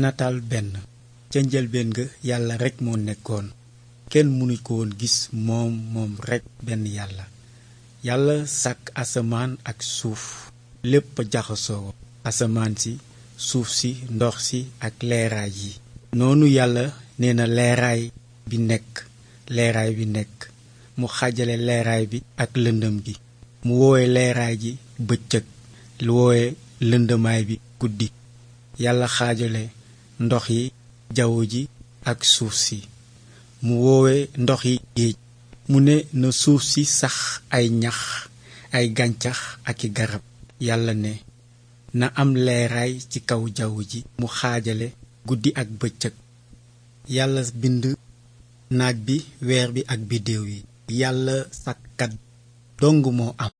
nataal benn ca njëlbéen ga yàlla rekk moo nekkoon kenn mënu ko woon gis moom moom rekk benn yàlla yàlla sàkk asamaan ak suuf lépp a jaxasoo asamaan si suuf si ndox si ak leeraay yi noonu yàlla nee leeraay bi nekk leeraay bi nekk mu xaajale leeraay bi ak lëndëm gi mu woowe leeraay ji bëccëg lu woowe lëndëmaay bi guddi yàlla xaajale ndox yi jaww ji ak suuf si mu woowe ndox yi géej mu ne na suuf si sax ay ñax ay gàncax ak i garab yàlla ne na am leeraay ci kaw jaww ji mu xaajale guddi ak bëccëg yàlla bind naaj bi weer bi ak biddéew yi yàlla sàkkat dong moo am